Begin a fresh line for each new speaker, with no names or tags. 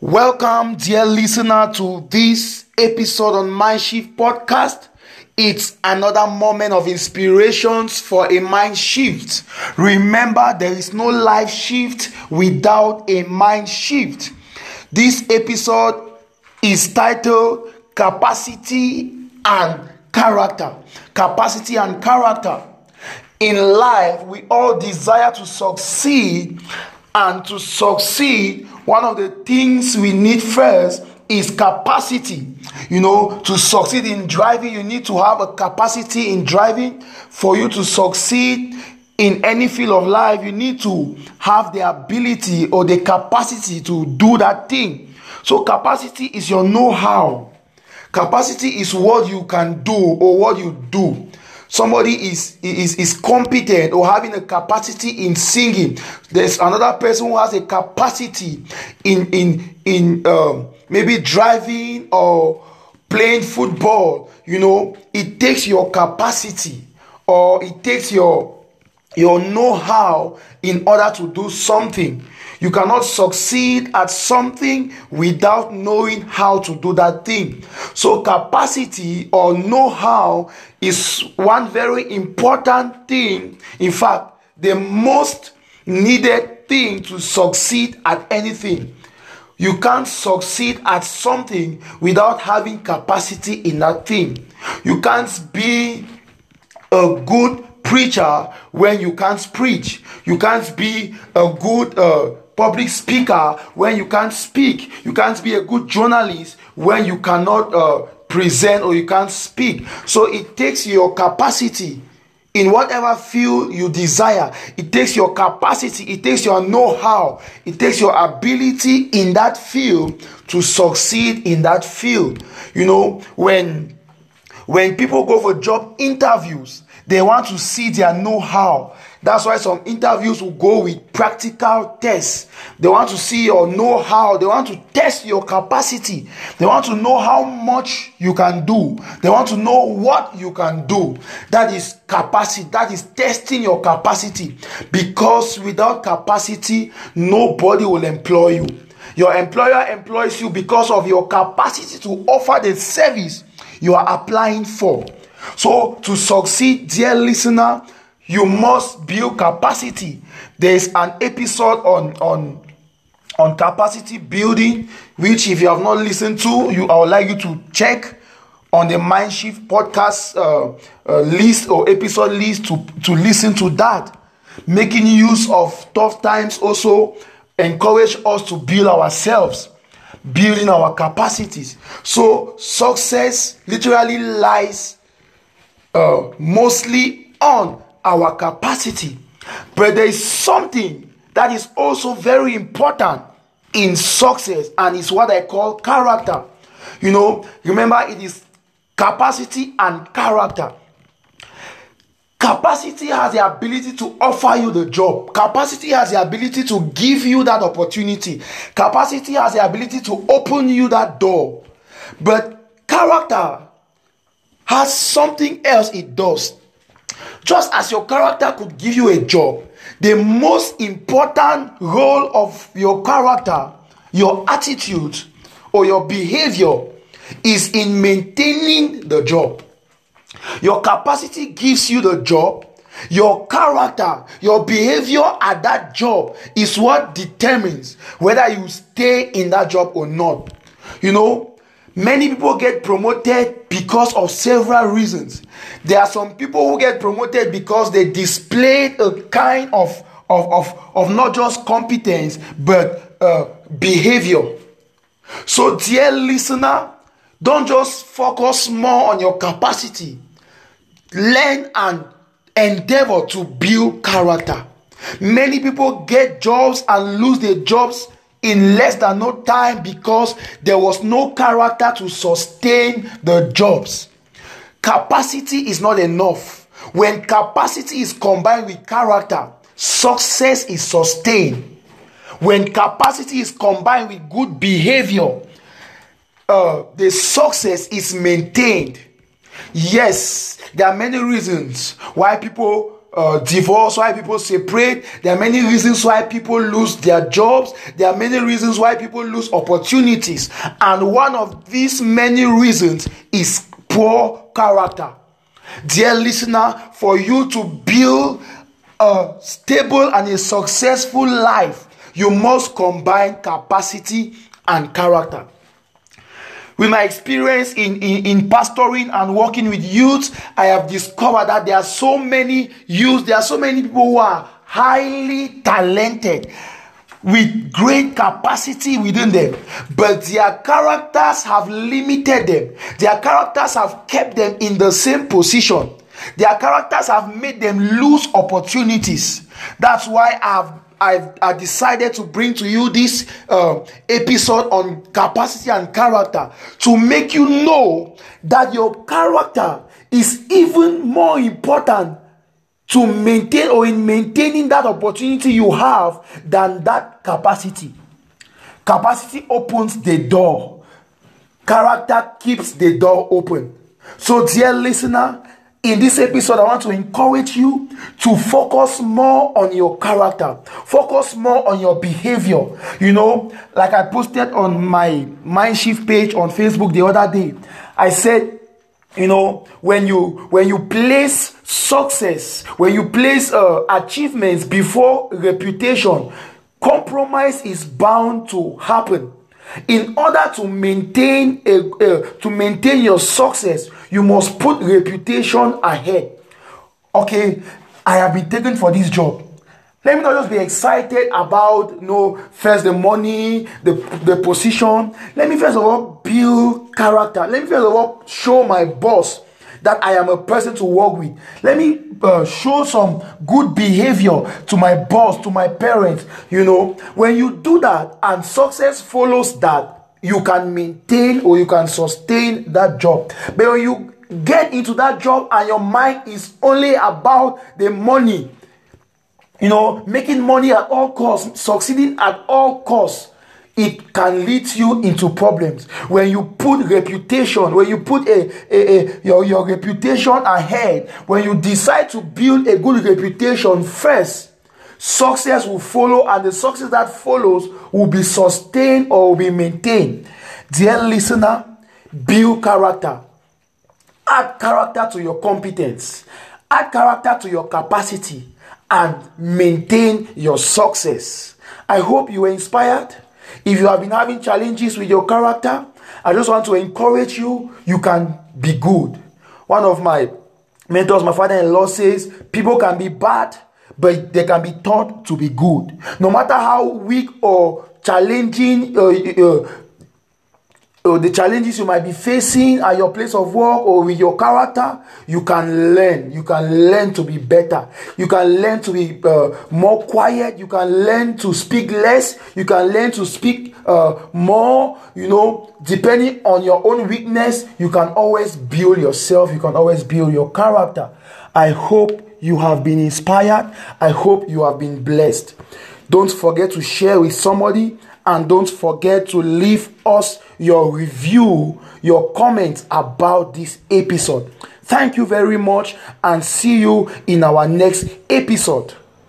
Welcome, dear listener, to this episode on Mind Shift Podcast. It's another moment of inspirations for a mind shift. Remember, there is no life shift without a mind shift. This episode is titled Capacity and Character. Capacity and Character. In life, we all desire to succeed And to succeed, one of the things we need first is capacity. You know, to succeed in driving, you need to have a capacity in driving. For you to succeed in any field of life, you need to have the ability or the capacity to do that thing. So, capacity is your know how, capacity is what you can do or what you do somebody is is is competent or having a capacity in singing there's another person who has a capacity in in in um, maybe driving or playing football you know it takes your capacity or it takes your your know-how in order to do something You cannot succeed at something without knowing how to do that thing. So, capacity or know how is one very important thing. In fact, the most needed thing to succeed at anything. You can't succeed at something without having capacity in that thing. You can't be a good preacher when you can't preach. You can't be a good uh, public speaker when you can't speak. You can't be a good journalist when you cannot uh, present or you can't speak. So it takes your capacity in whatever field you desire. It takes your capacity, it takes your know how, it takes your ability in that field to succeed in that field. You know, when when people go for job interviews, they want to see their know how. That's why some interviews will go with practical tests. They want to see your know how. They want to test your capacity. They want to know how much you can do. They want to know what you can do. That is capacity. That is testing your capacity. Because without capacity, nobody will employ you. Your employer employs you because of your capacity to offer the service you are applying for. So, to succeed, dear listener, you must build capacity there is an episode on on on capacity building which if you have not listened to you i would like you to check on the mind shift podcast uh, uh, list or episode list to to listen to that making use of tough times also encourage us to build ourselves building our capacities so success literally lies uh, mostly on our capacity. But there is something that is also very important in success, and it's what I call character. You know, remember it is capacity and character. Capacity has the ability to offer you the job. Capacity has the ability to give you that opportunity. Capacity has the ability to open you that door. But character has something else it does Just as your character could give you a job, the most important role of your character, your attitude, or your behavior is in maintaining the job. Your capacity gives you the job. Your character, your behavior at that job is what determines whether you stay in that job or not. You know, Many people get promoted because of several reasons. There are some people who get promoted because they displayed a kind of, of, of, of not just competence but uh, behavior. So, dear listener, don't just focus more on your capacity, learn and endeavor to build character. Many people get jobs and lose their jobs in less than no time because there was no character to sustain the jobs. Capacity is not enough. When capacity is combined with character, success is sustained. When capacity is combined with good behavior, uh, the success is maintained. Yes, there are many reasons why people uh, divorce, why people separate. There are many reasons why people lose their jobs. There are many reasons why people lose opportunities. And one of these many reasons is poor character. Dear listener, for you to build a stable and a successful life, you must combine capacity and character. With my experience in, in, in pastoring and working with youth, I have discovered that there are so many youth. there are so many people who are highly talented with great capacity within them, but their characters have limited them. Their characters have kept them in the same position. Their characters have made them lose opportunities. That's why I've I've, I decided to bring to you this uh, episode on capacity and character to make you know that your character is even more important to maintain or in maintaining that opportunity you have than that capacity. Capacity opens the door, character keeps the door open. So, dear listener, In this episode, I want to encourage you to focus more on your character, focus more on your behavior. You know, like I posted on my shift page on Facebook the other day, I said, you know, when you when you place success, when you place uh, achievements before reputation, compromise is bound to happen in order to maintain a, uh, to maintain your success you must put reputation ahead okay i have been taken for this job let me not just be excited about you know first the money the the position let me first of all build character let me first of all show my boss that I am a person to work with. Let me uh, show some good behavior to my boss, to my parents. You know, when you do that and success follows that, you can maintain or you can sustain that job. But when you get into that job and your mind is only about the money, you know, making money at all costs, succeeding at all costs, it can lead you into problems when you put reputation when you put a, a, a your, your reputation ahead when you decide to build a good reputation first success will follow and the success that follows will be sustained or will be maintained dear listener build character add character to your competence add character to your capacity and maintain your success i hope you were inspired If you have been having challenges with your character, I just want to encourage you, you can be good. One of my mentors, my father in law, says people can be bad, but they can be taught to be good. No matter how weak or challenging uh, uh, or oh, the challenges you might be facing at your place of work or with your character, you can learn. You can learn to be better. You can learn to be uh, more quiet. You can learn to speak less. You can learn to speak uh, more. You know, depending on your own weakness, you can always build yourself. You can always build your character. I hope you have been inspired. I hope you have been blessed. Don't forget to share with somebody and don't forget to leave us your review, your comments about this episode. Thank you very much and see you in our next episode.